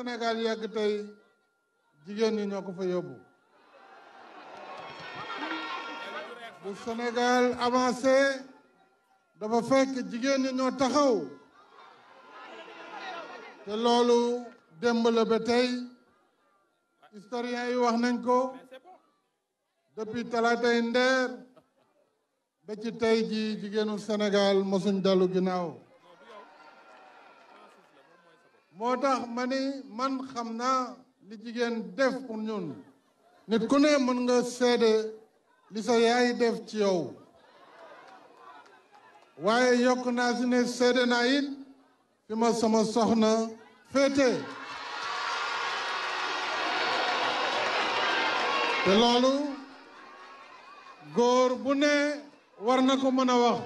Sénégal yegg tey jigéen ñi ñoo ko fa yóbbu bu Sénégal avancé dafa fekk jigéen ñi ñoo taxaw te loolu démb la ba tey historien yi wax nañ ko depuis talaatay ndeer ba ci tey ji jigéenu Sénégal mosuñ dalu ginnaaw moo tax ma man xam naa li jigéen def pour ñun nit ku ne mën nga seede li sa yaay def ci yow waaye yokk naa si ne seede naa it fi ma sama na féete te loolu góor bu ne war na ko mën a wax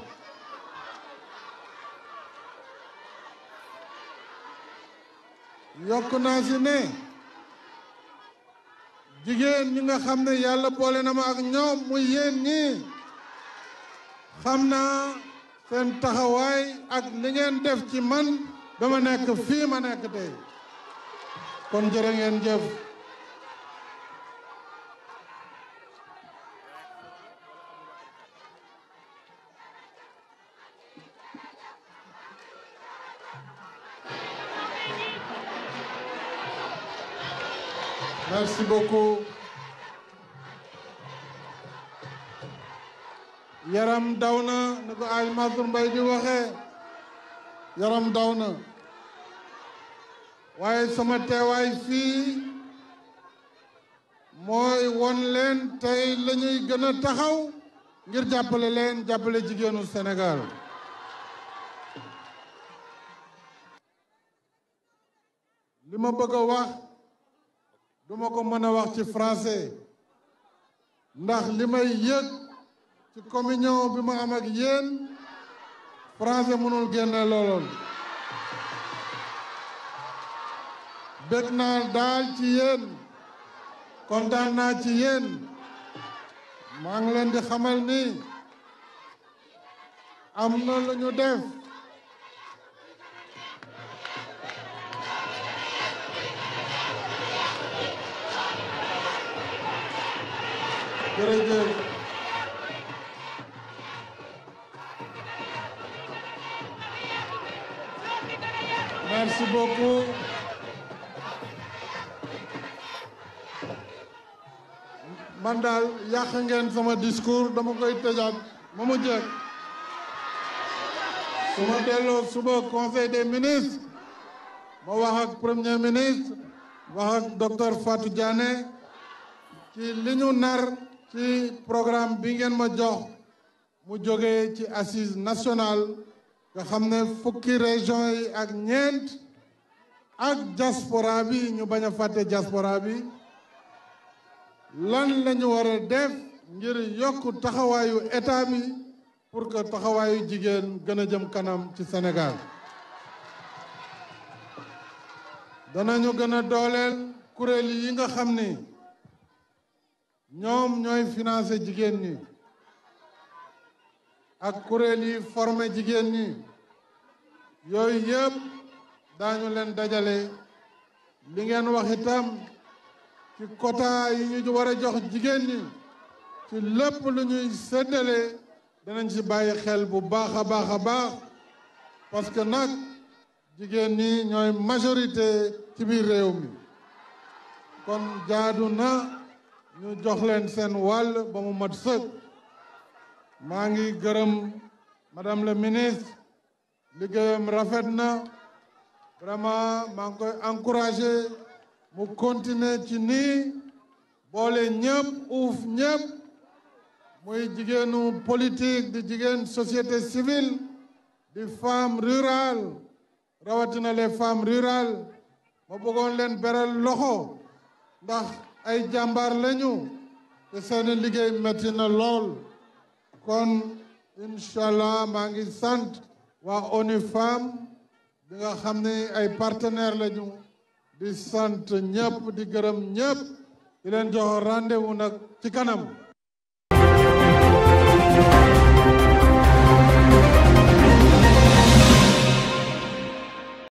yokk naa si ne jigéen ñi nga xam ne yàlla boole na ma ak ñoom muy yéen ñi xam naa seen taxawaay ak li ngeen def ci man ba ma nekk fii ma nekk tey kon jërë ngeen jëf Merci beaucoup. yaram daw na ni ko ay Mansour Mbaye di waxee yaram daw na waaye sama teewaay fii mooy won leen tey la ñuy taxaw ngir jàppale leen jàppale jigéenu Sénégal lima ma bëgg a wax duma ko mën wax ci français ndax li may yëg ci communion bi ma am ak yéen français mënul génne looloon bég naa daal ci yéen kontaan naa ci yéen maa ngi leen di xamal ni am na lu ñu def jërëjëf merci beaucoup man daal yàq sama discours dama koy tëjaat ma mu jëkk su ma suba conseil des ministres ma wax premier ministre wax ak Fatou Diané ci li nar ci programme bi ngeen ma jox mu jógee ci assise nationale nga xam ne fukki région yi ak ñeent ak diaspora bi ñu bañ a fàtte diaspora bi lan lañu wara war def ngir yokk taxawaayu état bi pour que taxawaayu jigéen gën a jëm kanam ci Sénégal danañu gën a dooleel kuréel yi nga xam ni ñoom ñooy financé jigéen ñi ak kuréel yi formé jigéen ñi yooyu yëpp daañu leen dajale li ngeen wax itam ci quota yi ñu war a jox jigéen ñi ci lépp lu ñuy séddale danañ si bàyyi xel bu baax a baax a baax parce que nag jigéen ñi ñooy majorité ci biir réew mi kon jaadu ñu jox leen seen wàll ba mu mat sëkk maa ngi gërëm madame la ministre liggéeyam rafet na vraiment maa ngi koy encouragé mu continuer ci nii boole ñëpp uuf ñëpp muy jigéenu politique di jigéen société civile di femme rurale rawatina les femmes rurales ma bëggoon leen beral loxo ndax ay jàmbaar lañu te seeni liggéey metti na lool kon incha maa ngi sant waa ONU danga bi xam ne ay partenaire lañu di sant ñëpp di gërëm ñëpp di leen jox rendez-vous nag ci kanam